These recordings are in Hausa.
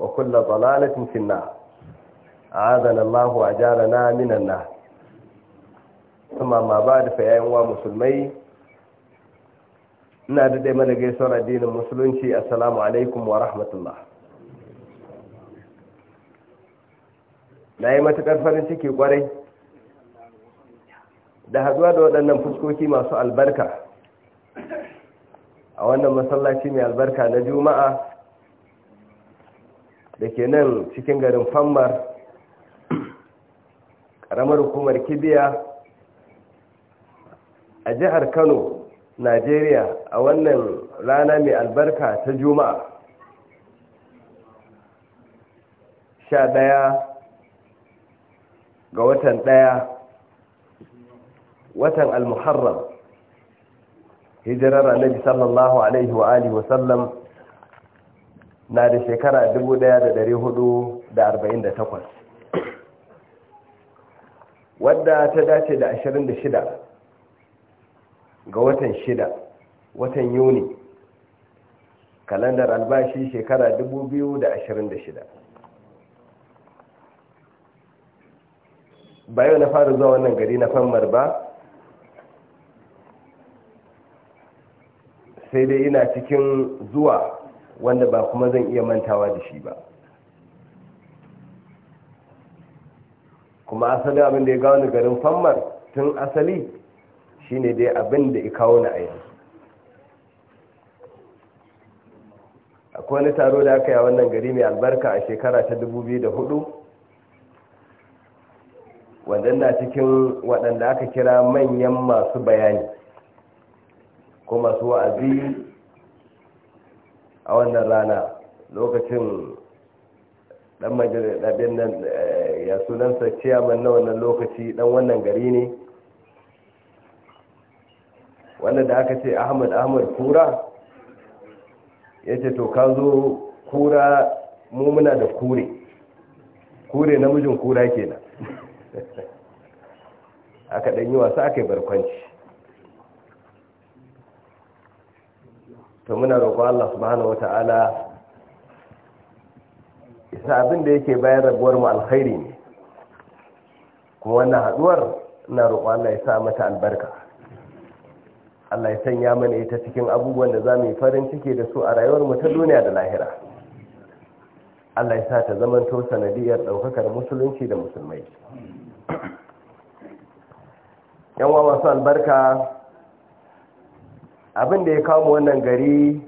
وكل ضلالة في النار أعاذنا الله وأجارنا من kuma ma ما بعد فيا أيها مسلمي ina daɗe mana gaisuwar addinin musulunci assalamu alaikum wa rahmatullah na yi matuƙar farin ciki ƙwarai da haɗuwa da waɗannan fuskoki masu albarka a wannan masallaci mai albarka na juma'a da ke nan cikin garin fammar ƙaramar hukumar kibiya a jihar kano najeriya a wannan rana mai albarka ta juma'a sha ɗaya ga watan ɗaya watan al-muharram hijirar annabi sallallahu alaihi wa alihi wa sallam na da shekara 1448 wadda ta dace da 26 ga watan 6 watan yuni kalandar albashi shekara 2026 bayo na fara zuwa wannan gari na fammar ba sai dai ina cikin zuwa wanda ba kuma zan iya mantawa da shi ba kuma asali abin da ya gawo garin fammar tun asali shine dai abin da ya kawo ni a yanzu akwai wani taro da aka yi a wannan gari mai albarka a shekara ta biyu da 2004 waɗanda cikin waɗanda aka kira manyan masu bayani ko masu wa'azi a wannan rana lokacin dan majalisar nan eh, ya sunansa ciyaman na wannan lokaci dan wannan gari ne wanda da aka ce ahmad ahmad kura ya ce to ka zo kura mu muna da kure kure namijin kura kenan aka ɗanyi wasa aka yi barkwanci to muna roƙon Allah subhanahu wata'ala isa abin da yake bayan rabuwar mu alkhairi ne kuma wannan haduwar na roƙon Allah ya sa mata albarka Allah ya sanya mana ita cikin abubuwan da za mu yi farin ciki da su a rayuwar mu ta duniya da lahira Allah ya sa ta zamanto sanadiyar ɗaukakar musulunci da musulmai yan wa masu albarka abin da ya kawo wannan gari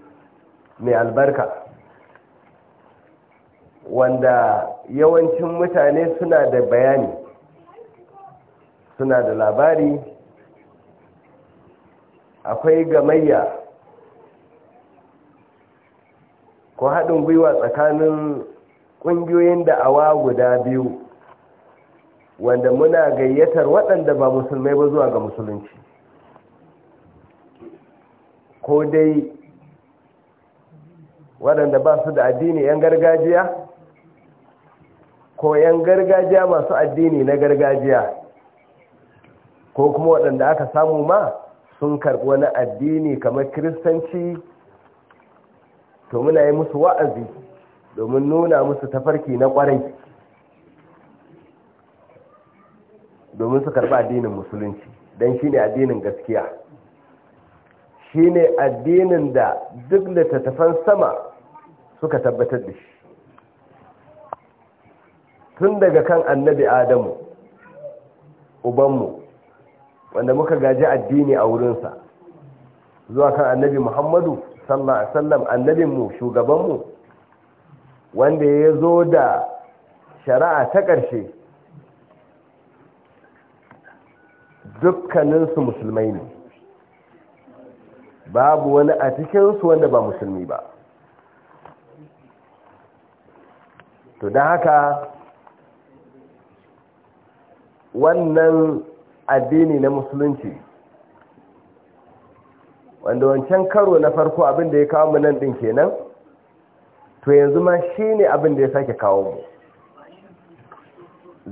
mai albarka wanda yawancin mutane suna da bayani suna da labari akwai gamayya ko haɗin gwiwa tsakanin ƙungiyoyin da awa guda biyu wanda muna gayyatar waɗanda ba musulmai ba zuwa ga musulunci ko dai waɗanda ba su da addini 'yan gargajiya ko 'yan gargajiya masu addini na gargajiya ko kuma waɗanda aka samu ma sun karɓi wani addini kamar kiristanci to muna yi musu wa'azi domin nuna musu tafarki na ƙwarai domin su karɓi addinin musulunci don shi ne addinin gaskiya shine addinin da duk littattafan sama suka tabbatar da shi tun daga kan annabi adamu ubanmu wanda muka gaji addini a wurinsa zuwa kan annabi muhammadu sallallahu alaihi annabinmu shugabanmu wanda ya zo da shari'a ta ƙarshe dukkaninsu musulmai ne babu wani a cikinsu wanda ba musulmi ba to don haka wannan addini na musulunci wanda wancan karo na farko abin da ya kawo mu nan din kenan to yanzu ma shi ne abin da ya sake kawo mu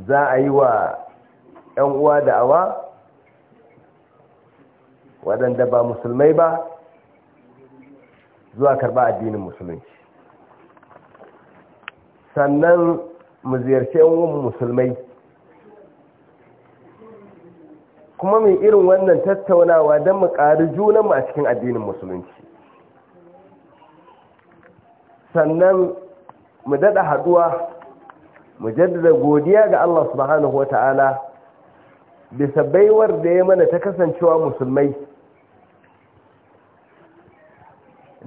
za a yi wa 'yan uwa da awa? waɗanda ba musulmai ba zuwa karɓa addinin musulunci sannan mu ziyarci yawan musulmai kuma mai irin wannan tattaunawa don mu ƙari junanmu a cikin addinin musulunci sannan mu daɗa haɗuwa mu jaddada godiya ga Allah subhanahu wa ta'ala bisa baiwar da ya mana ta kasancewa musulmai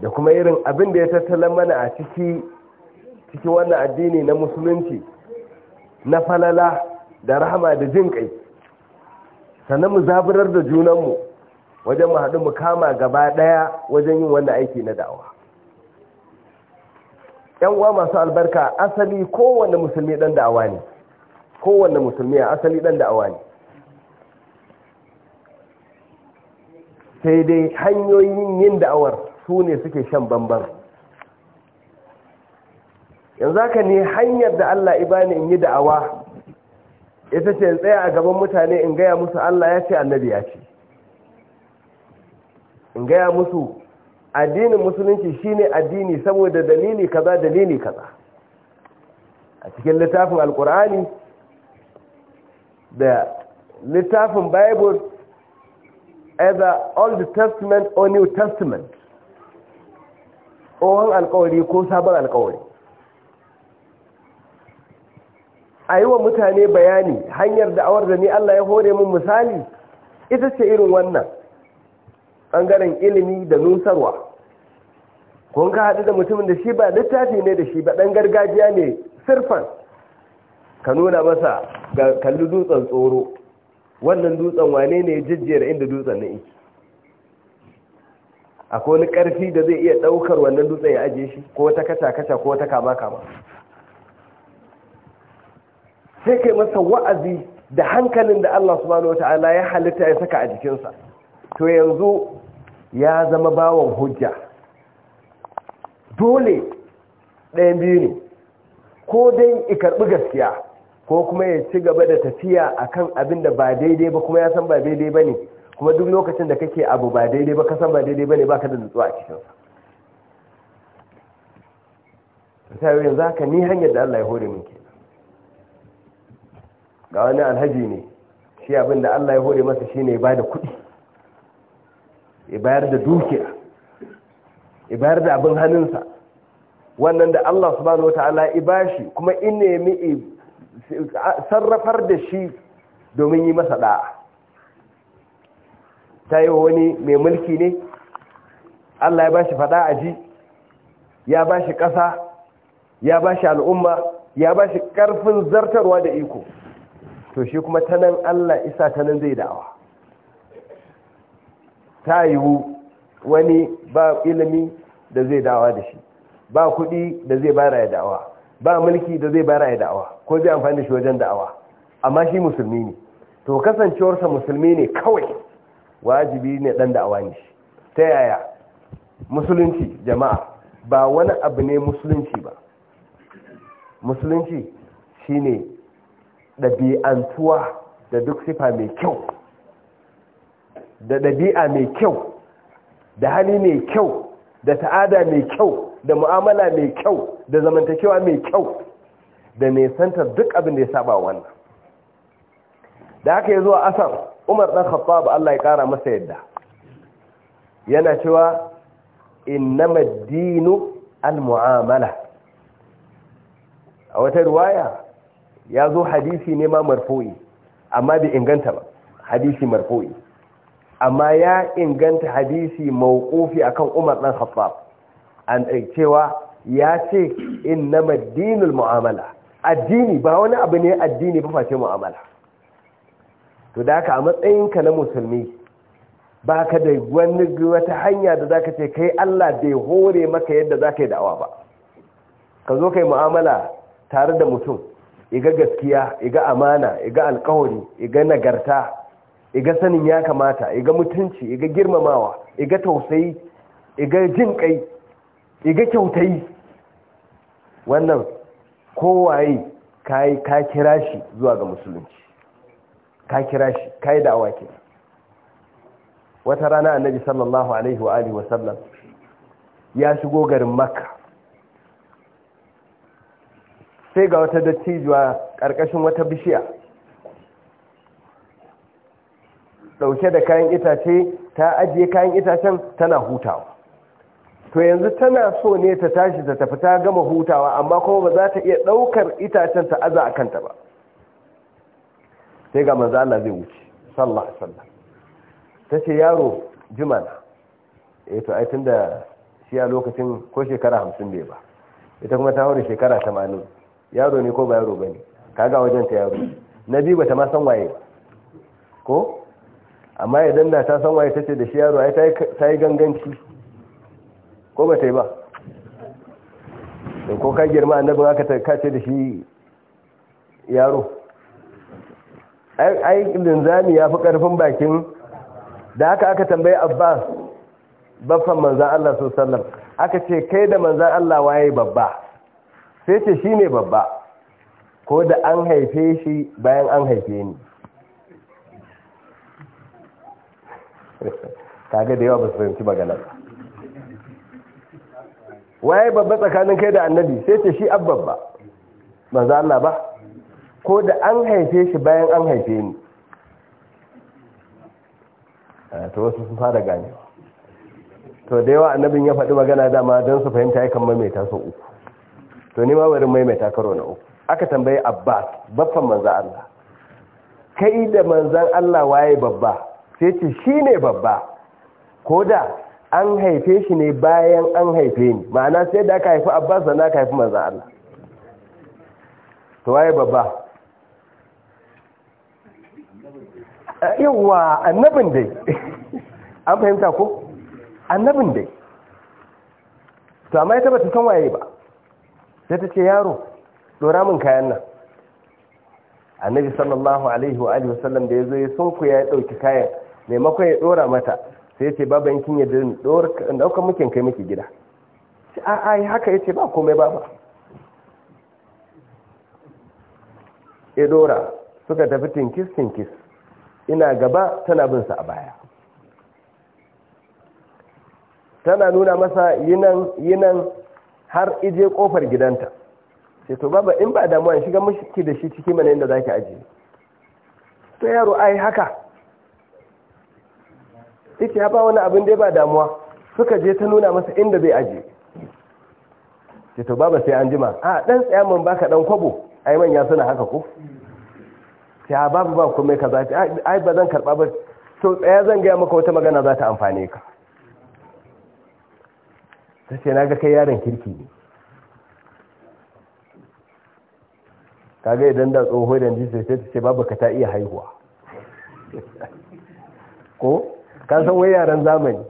da kuma irin abin da ya tattalin mana a ciki ciki wannan addini na musulunci na falala da rahama da jin kai sannan mu zaburar da junanmu wajen mu haɗu mu kama gaba ɗaya wajen yin wannan aiki na da'awa yan uwa masu albarka asali kowanne musulmi ɗan da'awa ne kowanne musulmi a asali ɗan da'awa ne sai dai hanyoyin yin da'awar su ne suke shan bamban yanzu haka ne hanyar da Allah ibani in yi da'awa ita ce in tsaya a gaban mutane in gaya musu Allah ya ce annabi ya ce in gaya musu addinin musulunci shine addini saboda dalili kaza dalili kaza a cikin littafin alkur'ani da littafin bible either old testament or new testament tsohon alkawari ko sabon alkawari a yi wa mutane bayani hanyar da'awar da ni Allah ya hore mun misali ita ce irin wannan ɓangaren ilimi da nusarwa kun ka haɗu da mutumin da shi ba littafi ne da shi ba ɗan gargajiya ne sirfan ka nuna masa ga kalli dutsen tsoro wannan dutsen wane ne jijjiyar inda dutsen na iki akwai wani ƙarfi da zai iya ɗaukar wannan dutse ya ajiye shi ko wata kaca-kaca ko wata kama-kama sai kai masa wa'azi da hankalin da Allah subhanahu wata'ala ya halitta ya saka a jikinsa to yanzu ya zama bawon hujja dole ɗayan biyu ne ko dai i karɓi gaskiya ko kuma ya ci gaba da tafiya akan abin da ba daidai ba kuma ya san ba daidai ba ne kuma duk lokacin da kake abu ba daidai ba kasan ba daidai ba ne ba ka da nutsuwa a cikinsa sai yanzu haka ni hanyar da Allah ya hore min ke ga wani alhaji ne shi abin da Allah ya hore masa shine ya bada kuɗi ya bayar da dukiya ya bayar da abin hannunsa wannan da Allah subhanahu wataala ya bashi kuma ya mi'i sarrafar da shi domin yi masa da'a ta yi wani mai mulki ne allah ya ba shi fada a ji ya ba shi ƙasa ya ba shi al'umma ya ba shi ƙarfin zartarwa da iko to shi kuma ta nan allah isa ta nan zai da'awa ta yiwu wani ba ilimi da zai dawa da shi ba kuɗi da zai bara ya da'awa ba mulki da zai bara ya da'awa ko zai amfani da shi wajen da'awa amma shi musulmi ne to kasancewarsa musulmi ne kawai wajibi ne dan da'awa ne ta yaya musulunci jama'a ba wani abu ne musulunci ba musulunci shine ɗabi'antuwa da duk sifa mai kyau da ɗabi'a mai kyau da hali mai kyau da ta'ada mai kyau da mu'amala mai kyau da zamantakewa mai kyau da nesantar duk abin da ya saba wannan da aka yi zuwa asar umar ɗan khattab Allah ya ƙara masa yadda yana cewa innama dinu al-mu'amala a wata ruwaya ya zo hadisi ne ma marfo'i amma bai inganta ba hadisi marfo'i amma ya inganta hadisi mawqufi akan umar ɗan khattab an cewa ya ce innama al mu'amala addini ba wani abu ne addini ba face mu'amala to da ka a matsayinka na musulmi ba ka da wani wata hanya da za ka ce kai Allah bai hore maka yadda za ka yi da'awa ba ka zo ka yi mu'amala tare da mutum iga gaskiya iga amana iga alkawari iga nagarta iga sanin ya kamata iga mutunci iga girmamawa iga tausayi iga jin kai iga kyautayi wannan kowaye ka kira shi zuwa ga musulunci ka kira shi ka yi da'awa ke wata rana annabi sallallahu alaihi wa alihi wasallam ya shigo garin makka sai ga wata dattijuwa ƙarƙashin wata bishiya ɗauke da kayan itace ta ajiye kayan itacen tana hutawa to yanzu tana so ne ta tashi ta tafi ta gama hutawa amma kuma ba za ta iya ɗaukar itacen ta aza a kanta ba sai ga manzo Allah zai wuce sallah sallah tace yaro jumana eh to ai tunda shi a lokacin ko shekara 50 bai ba ita kuma ta hore shekara 80 yaro ne ko ba yaro bane kaga wajen ta yaro nabi bata ma san waye ko amma idan da ta san waye tace da shi yaro ai ta yi ganganci ko ba ta yi ba ko ka girma annabin aka ta kace da shi yaro ai linzami ya fi ƙarfin bakin da haka aka tambayi abbas baffan manzan Allah su aka ce kai da manzan Allah waye babba sai ce shi ne babba ko da an haife shi bayan an haife ni kaga da yawa ba su fahimci magana waye babba tsakanin kai da annabi sai ce shi abba manzan Allah ba ko da an haife shi bayan an haife ni eh, ta wasu sun fara gani to da yawa annabin ya faɗi magana dama don su fahimta ya kan maimaita sau uku to ni ma bari maimaita karo na uku aka tambaye abbas baffan manzan allah kai da manzan allah waye babba sai ce shi ne babba ko da an haife shi ne bayan an haife ni ma'ana sai da aka haifi abbas da na haifi manzan allah to waye babba yawa annabin dai an fahimta ko annabin dai to amma ita bata san waye ba sai ta ce yaro dora min kayan nan annabi sallallahu alaihi wa alihi wasallam da yazo ya sunku ya dauki kayan maimakon ya dora mata sai ce baba in kin yadda dora dauka mukin kai miki gida a a haka yace ba komai baba ya dora suka tafi tinkis tinkis ina gaba tana bin sa a baya tana nuna masa yinan yinan har ije kofar gidanta sai to baba in ba damuwa shiga miki da shi ciki mana inda zaki ajiye to yaro ai haka ita ya ba wani abin da ba damuwa suka je ta nuna masa inda zai ajiye sai to baba sai an jima a ah, dan tsayamun baka dan kwabo ai manya suna haka ko ta babu ba kuma ka zafi ai ba zan karɓa ba to tsaya zan gaya maka wata magana za ta amfane ka ta ce na ga kai yaron kirki ne ga idan da tsoho da jisai sai ta ce babu ka ta iya haihuwa ko ka san wai yaran zamani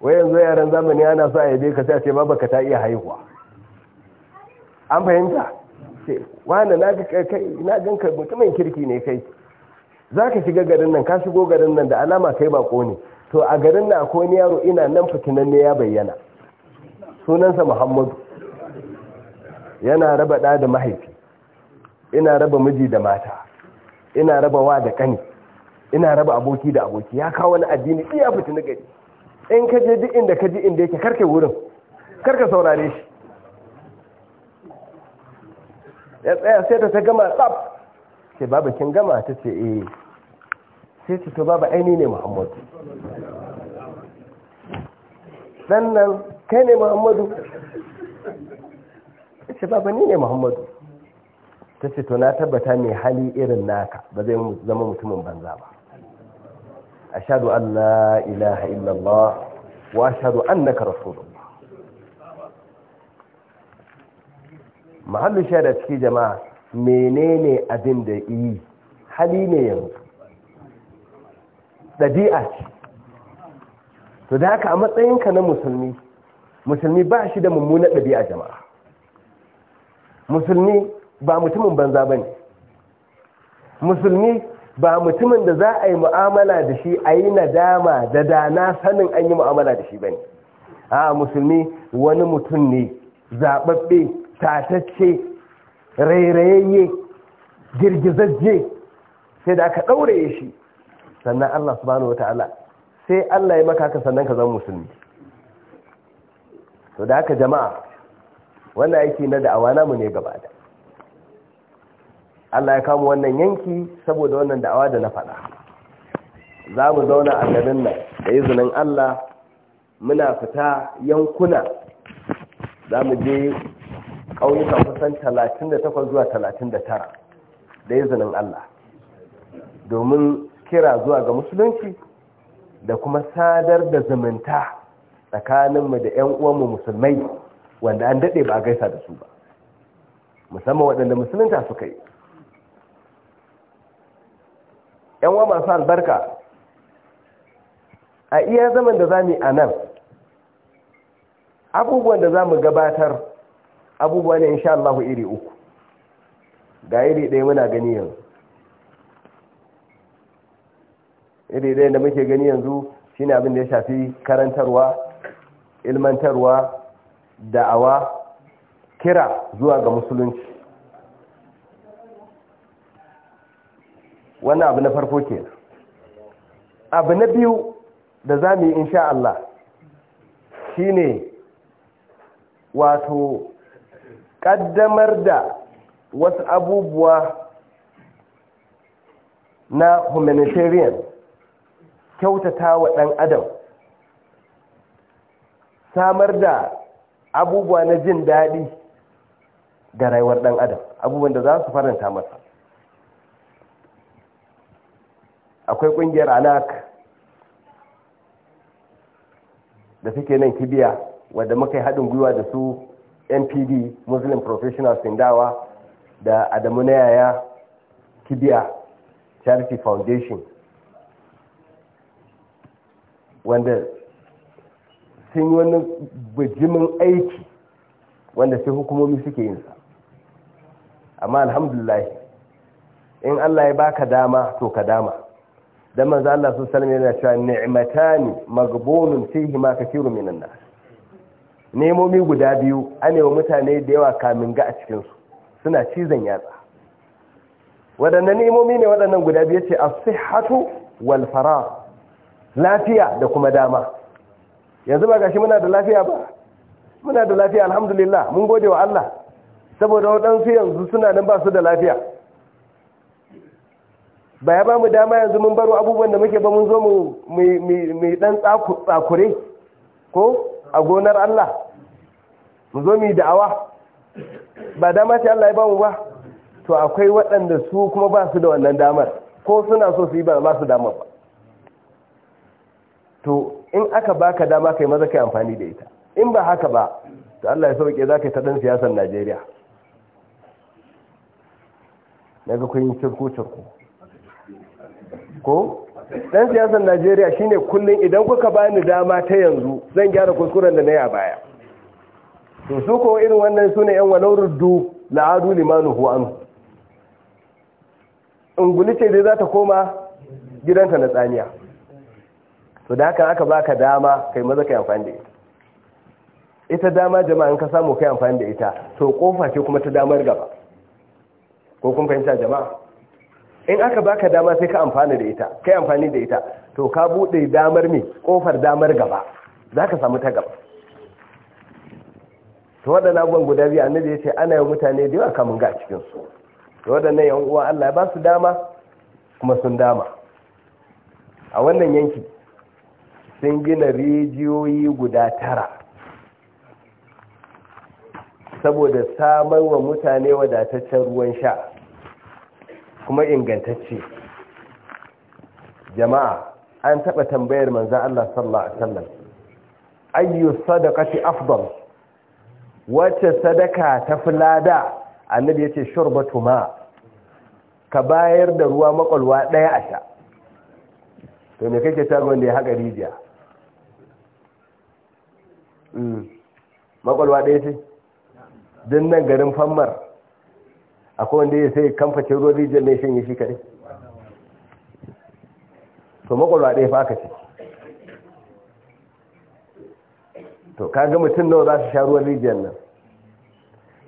wai yanzu yaran zamani ana sa a yabe ka sai a ce babu ka ta iya haihuwa an fahimta ce wani na ga kai na ganka mutumin kirki ne kai za ka shiga garin nan ka shigo garin nan da alama kai bako ne to a garin nan akwai wani yaro ina nan fitinan ne ya bayyana sunansa muhammadu yana raba ɗa da mahaifi ina raba miji da mata ina raba wa da ƙani ina raba aboki da aboki ya kawo wani addini iya fitina gari in ka je duk inda ka ji inda yake karka wurin karka saurare shi ya tsaya sai ta ta gama tsab ce baba kin gama ta ce eh sai ce to baba aini ne muhammadu sannan kai ne muhammadu ce baba ni ne muhammadu ta ce to na tabbata mai hali irin naka ba zai zama mutumin banza ba shaɗu an la ilaha illallah wa ashadu annaka rasulullah mahallin shaida cikin jama'a menene abin da yi hali ne yanzu ɗabi'a ce to da haka a matsayinka na musulmi musulmi ba shi da mummunan ɗabi'a jama'a musulmi ba mutumin banza ba ne musulmi ba mutumin da za a yi mu'amala da shi a yi nadama da dana sanin an yi mu'amala da shi ba ne a musulmi wani mutum ne zaɓaɓɓe tatacce rairayayye girgizajje sai da aka ɗaure shi sannan Allah subhanahu wa ta'ala sai Allah ya maka haka sannan ka zama musulmi to da haka jama'a wannan aiki na da'awa namu ne gaba da Allah ya kama wannan yanki saboda wannan da'awa da na faɗa za mu zauna a garin nan da izinin Allah muna fita yankuna za mu je ƙauyuka kusan 38 zuwa 39 da izinin Allah domin kira zuwa ga musulunci da kuma sadar da zumunta tsakaninmu da 'yan uwanmu musulmai wanda an daɗe ba gaisa da su ba musamman waɗanda musulunta suka yi 'yan uwa masu albarka a iya zaman da za mu yi a nan abubuwan da za mu gabatar abubuwa ne insha Allah iri uku ga iri ɗaya muna gani yanzu iri ɗaya da muke gani yanzu shine abin da ya shafi karantarwa ilmantarwa da'awa kira zuwa ga musulunci wannan abu na farko ke abu na biyu da za mu yi insha Allah shine wato Kaddamar da wasu abubuwa na humanitarian kyautata wa ɗan adam samar da abubuwa na jin daɗi ga rayuwar ɗan adam abubuwan da za su faranta masa akwai ƙungiyar anak da suke nan kibiya wadda muka yi haɗin gwiwa da su npd muslim professional sindawa da adamu na yaya kibiya charity foundation wanda sun yi wani bijimin aiki wanda sai hukumomi suke yinsa amma alhamdulahi in allah ya baka dama to ka dama dan manzo Allah sallallahu alaihi wasallam yana cewa ni'matani maghbunun fihi ma kathiru minan nas nemomi guda biyu an mutane da yawa kamin ga a cikinsu suna cizon yatsa waɗannan nemomi ne waɗannan guda biyu ce a sihatu wal lafiya da kuma dama yanzu ba gashi muna da lafiya ba muna da lafiya alhamdulillah mun gode wa Allah saboda waɗansu yanzu suna nan ba su da lafiya ba ya ba mu dama yanzu mun baro abubuwan da muke ba mun zo mu mai dan tsakure ko a gonar Allah mu zo mu yi da'awa ba dama ce Allah ya bamu ba to akwai waɗanda su kuma ba su da wannan damar ko suna so su yi ba su damar ba to in aka baka dama kai maza kai amfani da ita in ba haka ba to Allah ya sauke za ka yi ta ɗan siyasar Najeriya na ga kun cirku cirko-cirko ko ɗan siyasar Najeriya shine kullum idan kuka bani dama ta yanzu zan gyara kuskuren da na yi a baya to su ko irin wannan su ne yan wa ruddu la'adu limanu hu anhu unguli ce dai za ta koma gidanta na tsaniya to da hakan aka baka dama kai maza kai amfani da ita ita dama jama'a in ka samu kai amfani da ita to kofa ce kuma ta damar gaba ko kun fahimta jama'a in aka baka dama sai ka amfani da ita kai amfani da ita to ka bude damar me kofar damar gaba za ka samu ta gaba to waɗanda abubuwan guda biyu annabi ya ce ana yi mutane da yawa kamun ga cikin su to waɗannan yan uwa Allah ya ba su dama kuma sun dama a wannan yanki sun gina rijiyoyi guda tara saboda samar wa mutane wadataccen ruwan sha kuma ingantacce jama'a an taɓa tambayar manzan Allah sallallahu Alaihi wasallam ayyu sadaqati afdal wacce sadaka ta fulada annabi ya ce shurbatu ma ka bayar da ruwa makwalwa ɗaya a sha to ne kake ta wanda ya haƙa rijiya mm. makwalwa ɗaya ce din nan garin fammar akwai wanda ya sai kamfacin ruwan rijiyar ne shanye shi kaɗai to makwalwa ɗaya fa aka ce to ga mutum nawa za su sha ruwan rijiyar nan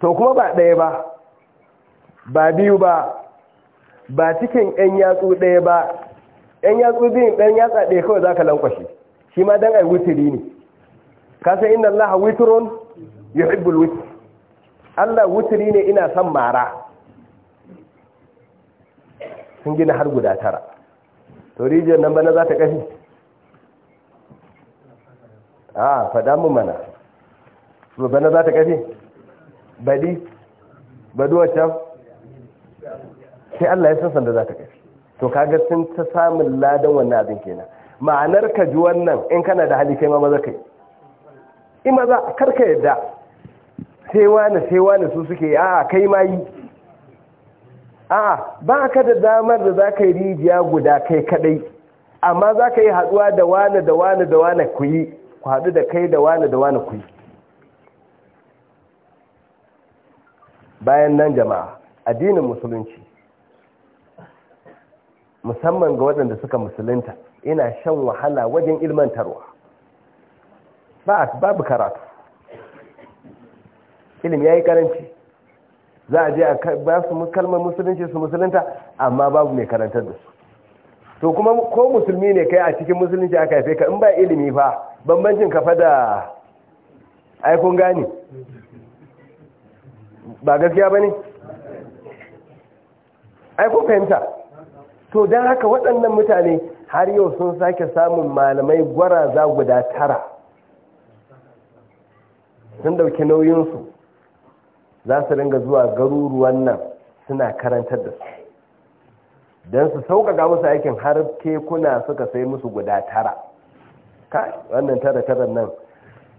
to kuma ba ɗaya ba ba biyu ba ba cikin ɗan yatsu ɗaya ba ɗan yatsu biyun ɗan yatsa ɗaya kawai za ka lankwashe shi ma don ai wuturi ne kasan inda Allah wuturon ya hibbul wutur Allah wuturi ne ina son mara sun gina har guda tara to rijiyar nan bana za ta ƙashi a faɗa mu mana to bana za ta kafe Badi? badu wacce? sai Allah ya san sanda za ta kafe to kaga sun ta samun ladan wannan abin kenan ma'anar ka ji wannan in kana da hali kai ma maza kai in maza kar ka yadda sai wani sai wani su suke a kai ma yi a ba ka da damar da za ka yi rijiya guda kai kadai amma za ka yi haduwa da wani da wani da wani ku yi ku haɗu da kai da wani da wani ku bayan nan jama'a addinin musulunci musamman ga waɗanda suka musulunta ina shan wahala wajen ilmantarwa ba babu karatu ilim ya yi karanci za a je a ba su kalmar musulunci su musulunta amma babu mai karantar da su to kuma ko musulmi ne kai a cikin musulunci aka haife ka in ba ilimi fa bambancin kafa da aikon gani ba gaskiya ba ne aikun fahimta to don haka waɗannan mutane har yau sun sake samun malamai gwaraza guda tara sun ɗauki nauyinsu za su ringa zuwa garuruwan nan suna karantar da su don su sauƙaƙa musu aikin har kekuna suka sai musu guda tara ka wannan tara tara nan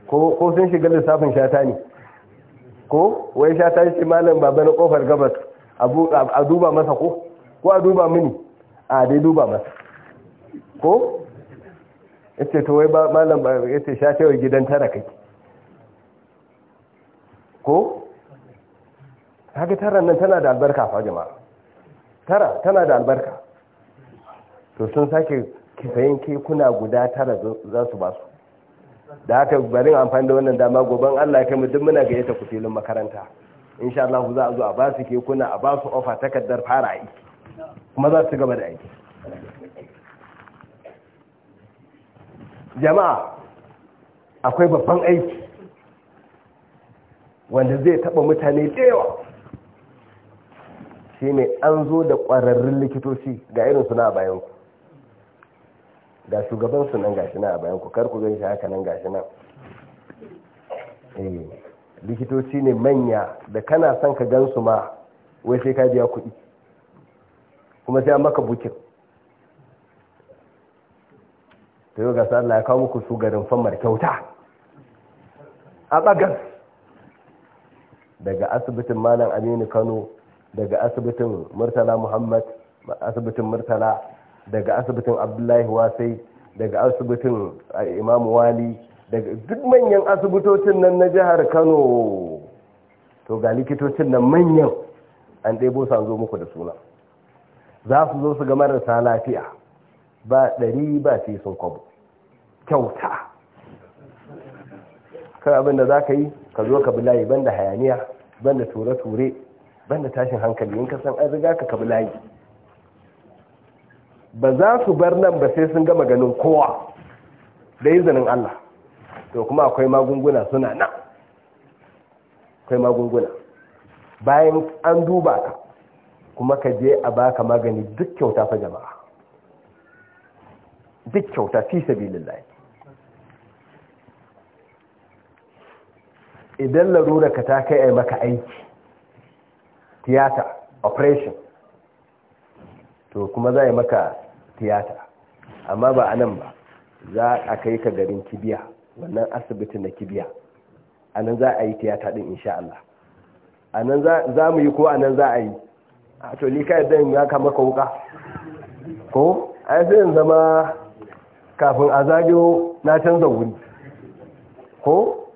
ko sun shiga lissafin shata ne ko wai shata shi malam babu na ƙofar gabas a duba masa ko ko a duba mini a dai duba masa ko yace to wai malam yace shata wai gidan tara kai? ko haka tara nan tana da albarka fa jama'a tara tana da albarka to sun sake kisayen kekuna guda tara za su ba su da haka barin amfani da wannan dama goban Allah kai mu duk muna gayyata ku filin makaranta insha Allah za a zo a ba su kekuna a ba su ofa takardar fara aiki kuma za su gaba da aiki jama'a akwai babban aiki wanda zai taba mutane da yawa Shi ne an zo da ƙwararrun likitoci ga irin suna a bayanku ga shugaban su nan gashi na a bayanku kar ku ganshi haka nan gashi nan eh, likitoci ne manya da kana son ka gansu ma wai sai ka biya kuɗi kuma sai an maka bukin ta yau gasa Allah ya kawo muku su garin famar kyauta a bagan daga asibitin malam aminu kano daga asibitin murtala muhammad asibitin murtala daga asibitin abdullahi wasai daga asibitin imam wali daga duk manyan asibitocin nan na jihar kano to ga likitocin nan manyan an ɗebo su an zo muku da suna za su zo su ga marasa lafiya ba ɗari ba sai sun kwabo kyauta kan abin da za ka yi ka zo ka bi layi ban da hayaniya ban da ture-ture banda tashin hankali in ka san an riga ka kabi layi ba za su bar nan ba sai sun gama ganin kowa da izinin Allah to kuma akwai magunguna suna nan akwai magunguna bayan an duba ka kuma ka je a baka magani duk kyauta fa jama'a duk kyauta fi sabilillah idan larura ka ta kai maka aiki tiyata operation to kuma za a maka tiyata amma ba a nan ba za a kai ka garin kibiya wannan asibitin na kibiya a nan za a yi tiyata din insha Allah a nan za mu yi ko a nan za a yi a to ni kai dan ya kama ka wuka ko ai sai in zama kafin a zagiyo na canza wuri ko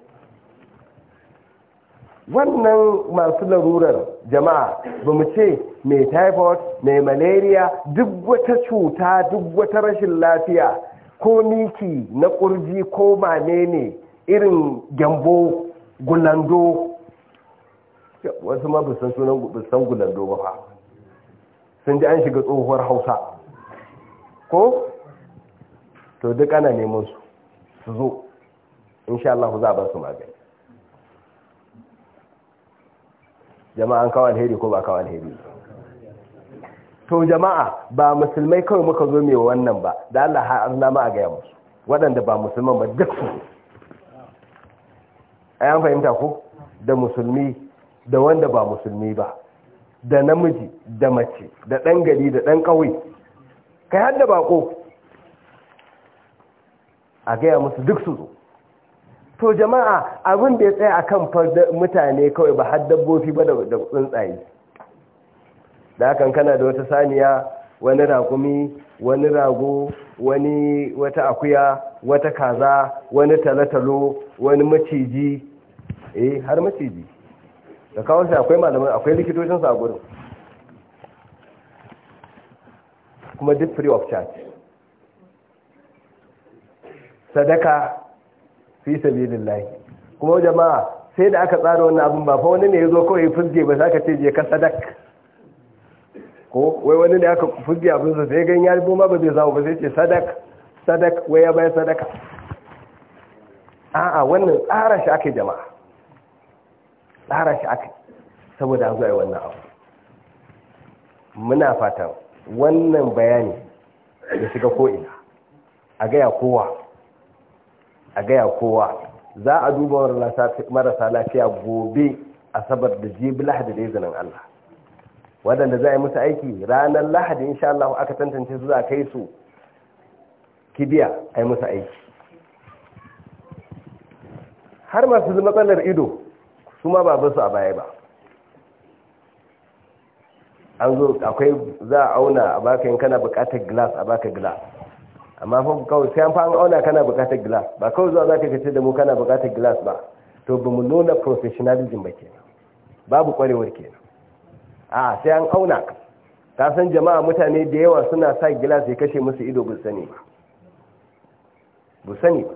wannan masu larurar jama'a ba mu ce mai typhoid mai malaria duk wata cuta duk wata rashin lafiya ko miki na ƙurji ko mane ne irin gyambo gulando wasu ma ba san sunan gulando ba sun ji an shiga tsohuwar hausa ko to duk ana neman su su zo insha Allah za a ba su magani Jama'an kawo alheri ko ba kawo alheri to jama'a ba musulmai kawai muka zo mai wannan ba da Allah har an a gaya musu waɗanda ba musulman ba duk su ayan fahimta ko da musulmi da wanda ba musulmi ba da namiji da mace da ɗan gari da ɗan ƙauye kai har da bako a gaya musu duk su zo to jama'a abin da ya tsaya akan mutane kawai ba har dabbobi ba da tsuntsaye da hakan kana da wata saniya wani rakumi wani rago wani wata akuya wata kaza wani talatalo wani maciji eh har maciji da kawo shi akwai malamai akwai likitocin sa gurin kuma duk free of charge sadaka fi sabilillahi kuma jama'a sai da aka tsara wannan abin ba fa wani ne yazo kawai fuzge ba saka ce je ka sadak ko wai wani ne aka fuzge abin sa sai gan ya ma ba zai zawo ba sai ce sadak sadak wai ya bai sadaka a'a wannan tsara shi ake jama'a tsara shi ake saboda an zuwa wannan abu muna fatan wannan bayani ya shiga ko'ina a gaya kowa a gaya kowa za a duba marasa lafiya gobe asabar da jibi lahadi da izinin Allah waɗanda za a yi musu aiki ranar lahadi insha Allah aka tantance su za a kai su kibiya a yi musu aiki har masu matsalar ido su ma ba su a baya ba an zo akwai za a auna a baka yin kana bukatar glass a baka glass amma fa kawai sai an fara auna kana bukatar glass ba kawai zuwa zaka kace da mu kana bukatar glass ba to ba mu nuna professionalism ba kenan babu kwarewar kenan a sai an auna ka ka san jama'a mutane da yawa suna sa glass ya kashe musu ido bu sani ba bu sani ba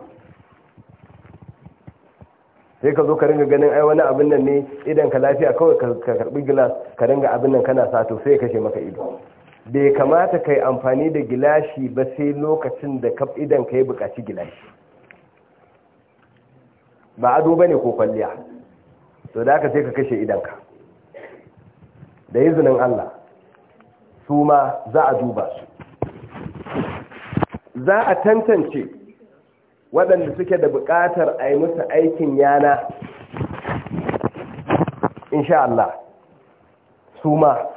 sai ka zo ka ringa ganin ai wani abin nan ne idan ka lafiya kawai ka karbi glass ka ringa abin nan kana sato sai ya kashe maka ido bai kamata ka yi amfani da gilashi ba sai lokacin da ka idan yi bukaci gilashi ba ado bane ko kwalliya to da aka sai ka kashe idanka da izinin Allah su ma za a duba su za a tantance waɗanda suke da buƙatar a yi musu aikin yana insha Allah su ma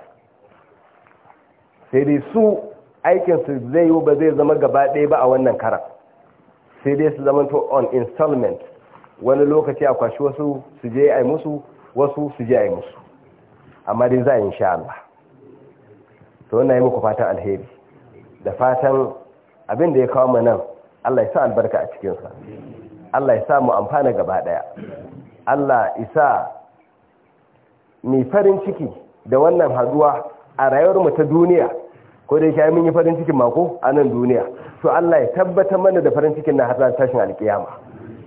sai dai su aikinsu zai yi ba zai zama gaba ɗaya ba a wannan karan sai dai su zama to on installment wani lokaci a kwashi wasu su je a yi musu wasu su je a yi musu amma dai za a yi insha Allah to wannan yi muku fatan alheri da fatan abin da ya kawo mu nan Allah ya sa albarka a cikinsa Allah ya sa mu amfana gaba ɗaya Allah isa mai farin ciki da wannan haduwa a rayuwar mu ta duniya ko da yake mun yi farin cikin mako a nan duniya to Allah ya tabbatar mana da farin cikin na har tashin alkiyama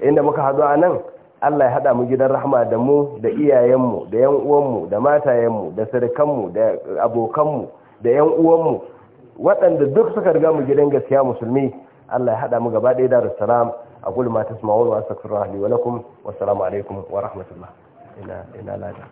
inda muka hadu a nan Allah ya hada mu gidan rahama da mu da iyayenmu da yan uwanmu da matayenmu da mu da abokanmu da yan uwanmu waɗanda duk suka riga mu gidan gaskiya musulmi Allah ya hada mu gaba ɗaya da salam a gudu ma tasma'un wa astaghfirullah li wa lakum wa assalamu alaikum wa rahmatullah ina lada